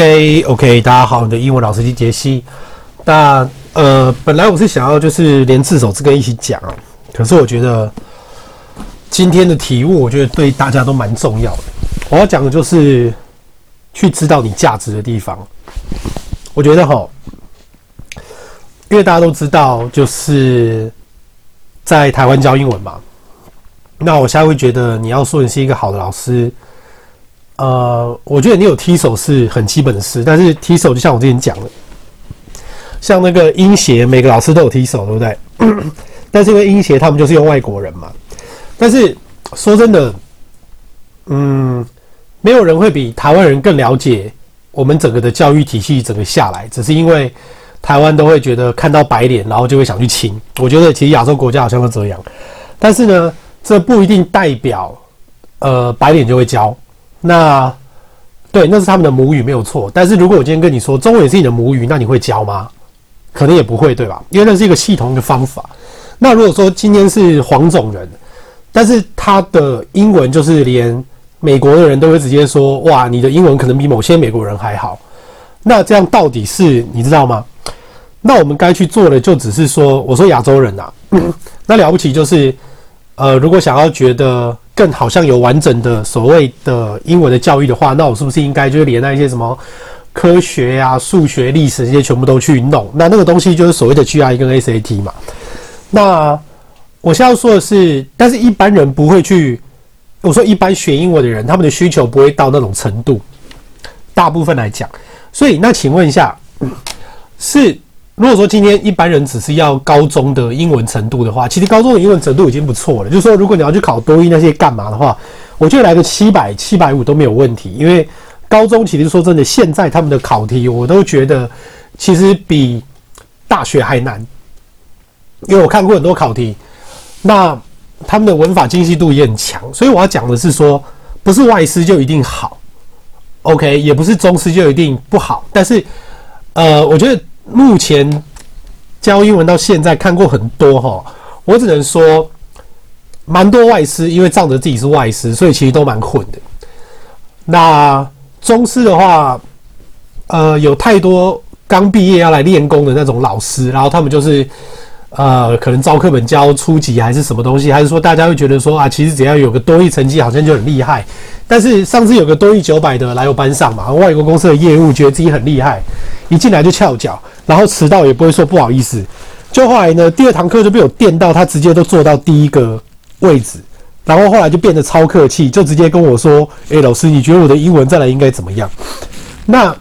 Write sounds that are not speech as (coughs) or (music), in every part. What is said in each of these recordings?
OK，OK，okay, okay, 大家好，你的英文老師是傑西。那呃，本來我是想要就是連字首字根一起講，啊，可是我覺得今天的題目，我覺得對大家都蠻重要的。我要講的就是去知道你價值的地方。我覺得吼，因為大家都知道，就是在台灣教英文嘛，那我現在會覺得你要說你是一個好的老師。呃，我覺得你有踢手是很基本的事，但是踢手就像我之前講的，像那個音協，每個老師都有踢手，對不對？ (coughs) 但是因為音協他們就是用外國人嘛。但是說真的，嗯，沒有人會比台灣人更了解我們整個的教育體系，整個下來，只是因為台灣都會覺得看到白臉，然後就會想去親。我覺得其實亞洲國家好像都這樣，但是呢，這不一定代表呃白臉就會教。那，對，那是他們的母語沒有錯。但是如果我今天跟你說中文也是你的母語，那你會教嗎？可能也不會，對吧？因為那是一個系統的方法。那如果說今天是黃種人，但是他的英文就是連美國的人都會直接說：哇，你的英文可能比某些美國人還好。那這樣到底是你知道嗎？那我們該去做的就只是說，我說亞洲人吶，啊，嗯，那了不起就是，呃，如果想要覺得。更好像有完整的所謂的英文的教育的話，那我是不是應該就是連那些什麼科學呀、啊、數學、歷史這些全部都去弄？那那個東西就是所謂的 G I 跟 S A T 嘛。那我現在說的是，但是一般人不會去。我說一般學英文的人，他們的需求不會到那種程度，大部分來講。所以，那請問一下，是？如果說今天一般人只是要高中的英文程度的話，其實高中的英文程度已經不錯了。就是說，如果你要去考多益那些幹嘛的話，我就來個七百七百五都沒有問題。因為高中其實說真的，現在他們的考題我都覺得其實比大學還難，因為我看過很多考題，那他們的文法精細度也很強。所以我要講的是說，不是外師就一定好，OK，也不是中師就一定不好。但是，呃，我覺得。目前教英文到現在看過很多哈，我只能說蠻多外師，因為仗着自己是外師，所以其實都蠻混的。那中師的話，呃，有太多剛畢業要來練功的那種老師，然後他們就是呃，可能招課本教初級還是什麼東西，還是說大家會覺得說啊，其實只要有個多益成績，好像就很厲害。但是上次有個多益九百的來我班上嘛，外國公司的業務覺得自己很厲害，一進來就翹腳。然後遲到也不會說不好意思，就後來呢，第二堂課就被我電到，他直接都坐到第一個位置，然後後來就變得超客氣，就直接跟我說：“誒，老師，你覺得我的英文再來應該怎麼樣？”那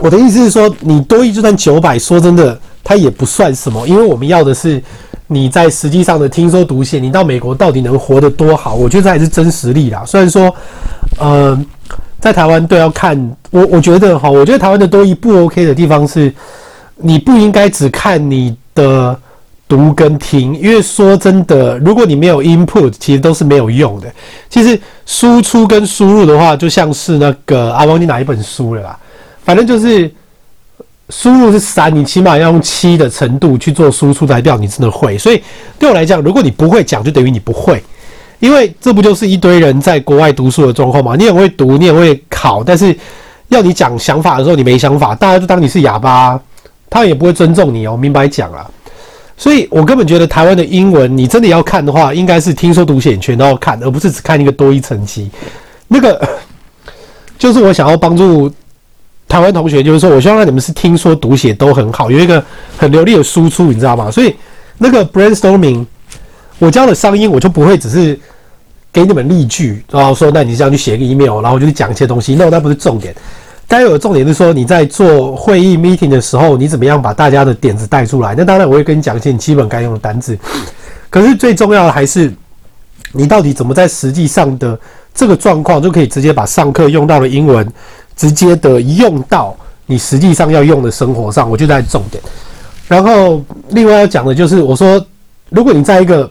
我的意思是說，你多益就算九百，說真的，他也不算什麼，因為我們要的是你在實際上的聽說讀寫，你到美國到底能活得多好，我覺得這還是真實力啦。雖然說，嗯。在台灣都要看我，我覺得哈，我覺得台灣的多益不 OK 的地方是，你不應該只看你的讀跟聽，因為說真的，如果你沒有 input，其實都是沒有用的。其實輸出跟輸入的話，就像是那個，啊，忘記哪一本書了啦，反正就是輸入是三，你起碼要用七的程度去做輸出才叫你真的會。所以對我來講，如果你不會講，就等於你不會。因為這不就是一堆人在國外讀書的狀況嗎？你也會讀，你也會考，但是要你講想法的時候，你沒想法，大家就當你是啞巴、啊，他也不會尊重你哦、喔。明白講了，所以我根本覺得台灣的英文，你真的要看的話，應該是聽說讀寫全都要看，而不是只看一個多一層級。那個就是我想要幫助台灣同學，就是說，我希望讓你們是聽說讀寫都很好，有一個很流利的輸出，你知道嗎？所以那個 brainstorming 我教的聲音，我就不會只是。給你們例句，然後說，那你這樣去寫個 email，然後就去講一些東西。那、No, 那不是重點，該有的重點是說你在做會議 meeting 的時候，你怎麼樣把大家的點子帶出來？那當然我會跟你講一些你基本該用的單字，可是最重要的還是你到底怎麼在實際上的這個狀況，就可以直接把上課用到的英文直接的用到你實際上要用的生活上。我就在重點。然後另外要講的就是，我說如果你在一個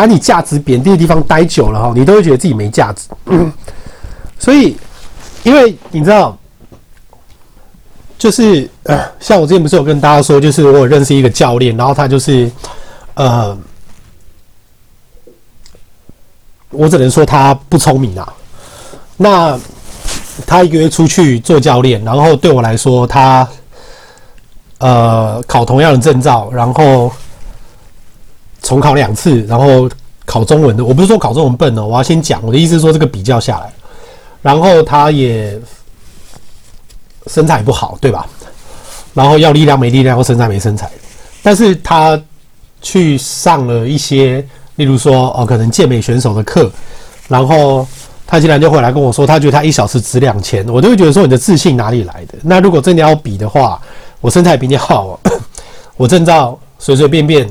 把你價值貶低的地方待久了哈，你都會覺得自己沒價值。嗯。所以，因為你知道，就是，呃，像我之前不是有跟大家說，就是我認識一個教練，然後他就是呃，我只能說他不聰明啊。那他一個月出去做教練，然後對我來說，他呃考同樣的證照，然後。重考兩次，然後考中文的，我不是說考中文笨哦，我要先講，我的意思是說這個比較下來，然後他也身材也不好，對吧？然後要力量沒力量，要身材沒身材，但是他去上了一些，例如說哦，可能健美選手的課，然後他竟然就回來跟我說，他覺得他一小時值兩千，我都會覺得說，你的自信哪裡來的？那如果真的要比的話，我身材比你好，哦， (coughs) 我證照隨隨便便。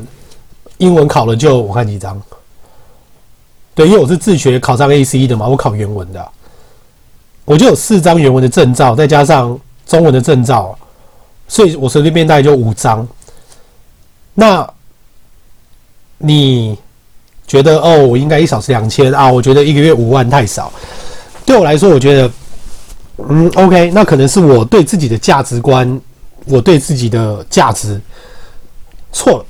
英文考了就我看幾張，對，因為我是自學考上 ACE 的嘛，我考原文的，我就有四張原文的證照，再加上中文的證照，所以我隨隨便便大概就五張。那你覺得哦，我應該一小時兩千啊？我覺得一個月五萬太少。對我來說，我覺得嗯，OK，那可能是我對自己的價值觀，我對自己的價值錯了。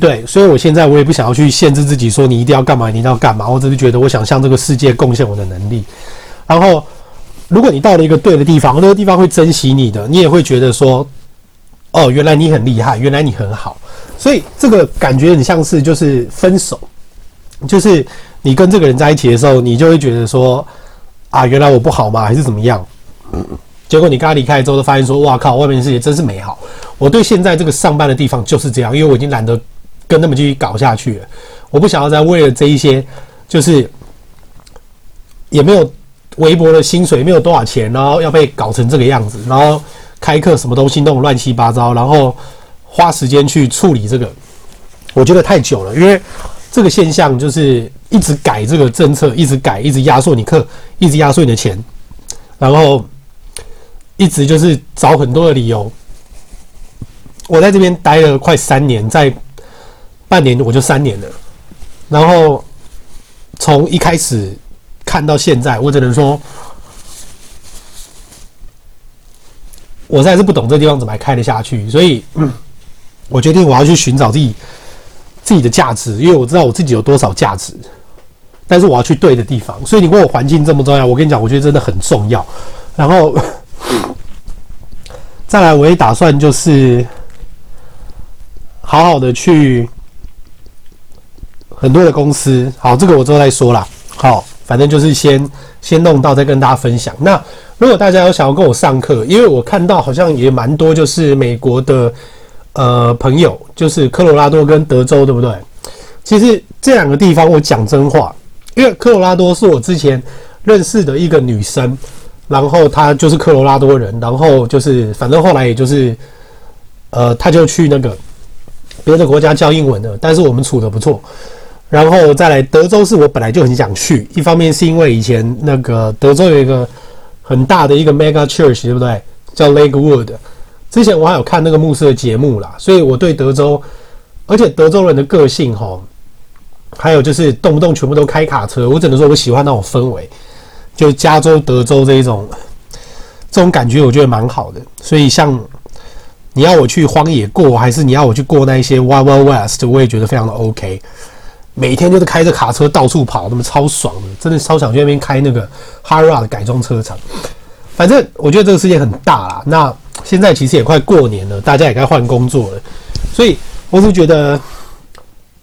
對，所以我現在我也不想要去限制自己，說你一定要幹嘛，你一定要幹嘛。我只是覺得我想向這個世界貢獻我的能力。然後，如果你到了一個對的地方，那個地方會珍惜你的，你也會覺得說，哦，原來你很厲害，原來你很好。所以這個感覺很像是就是分手，就是你跟這個人在一起的時候，你就會覺得說，啊，原來我不好嗎？還是怎麼樣？嗯、結果你剛剛離開之後，都發現說，哇靠，外面世界真是美好。我對現在這個上班的地方就是這樣，因為我已經懶得。跟他們繼續搞下去了。我不想要再為了這一些，就是也沒有微薄的薪水，沒有多少錢，然後要被搞成這個樣子，然後開課什麼東西弄得亂七八糟，然後花時間去處理這個，我覺得太久了。因為這個現象就是一直改這個政策，一直改，一直壓縮你課，一直壓縮你的錢，然後一直就是找很多的理由。我在這邊待了快三年，在。半年我就三年了，然後從一開始看到現在，我只能說，我實在是不懂這地方怎麼還開得下去。所以，我決定我要去尋找自己自己的價值，因為我知道我自己有多少價值，但是我要去對的地方。所以你問我環境這麼重要，我跟你講，我覺得真的很重要。然後，再來我也打算就是好好的去。很多的公司，好，這個我之後再說啦。好，反正就是先先弄到，再跟大家分享。那如果大家有想要跟我上課，因為我看到好像也蠻多，就是美國的呃朋友，就是科羅拉多跟德州，對不對？其實這兩個地方，我講真話，因為科羅拉多是我之前認識的一個女生，然後她就是科羅拉多人，然後就是反正後來也就是呃，她就去那個別的國家教英文了，但是我們處得不錯。然後再來，德州是我本來就很想去。一方面是因為以前那個德州有一個很大的一個 mega church，對不對？叫 Lakewood，之前我還有看那個牧師的節目啦，所以我對德州，而且德州人的個性吼，還有就是動不動全部都開卡車，我只能說我喜歡那種氛圍。就加州、德州這一種這種感覺，我覺得蠻好的。所以，像你要我去荒野過，還是你要我去過那一些 Wild West，我也覺得非常的 OK。每天就是開着卡車到處跑，那麼超爽的，真的超想去那邊開那個 Hot Rod 的改裝車廠。反正我覺得這個世界很大啊。那現在其實也快過年了，大家也該換工作了。所以我是覺得，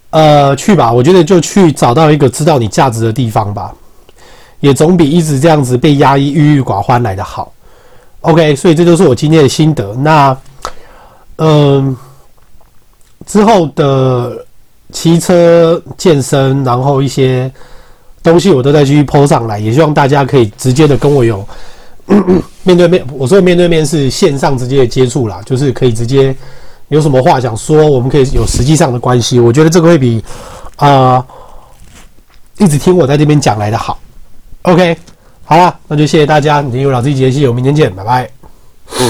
呃，去吧，我覺得就去找到一個知道你價值的地方吧，也總比一直這樣子被壓抑、鬱鬱寡歡來得好。OK，所以這就是我今天的心得。那，嗯、呃，之後的。騎車健身，然後一些東西我都在繼續 po 上來，也希望大家可以直接的跟我有咳咳面對面。我說面對面是線上直接的接觸啦，就是可以直接有什麼話想說，我們可以有實際上的關係。我覺得這個會比啊、呃、一直聽我在這邊講來的好。OK，好了，那就謝謝大家，已經有老弟結繫，我，謝謝我們明天見，拜拜。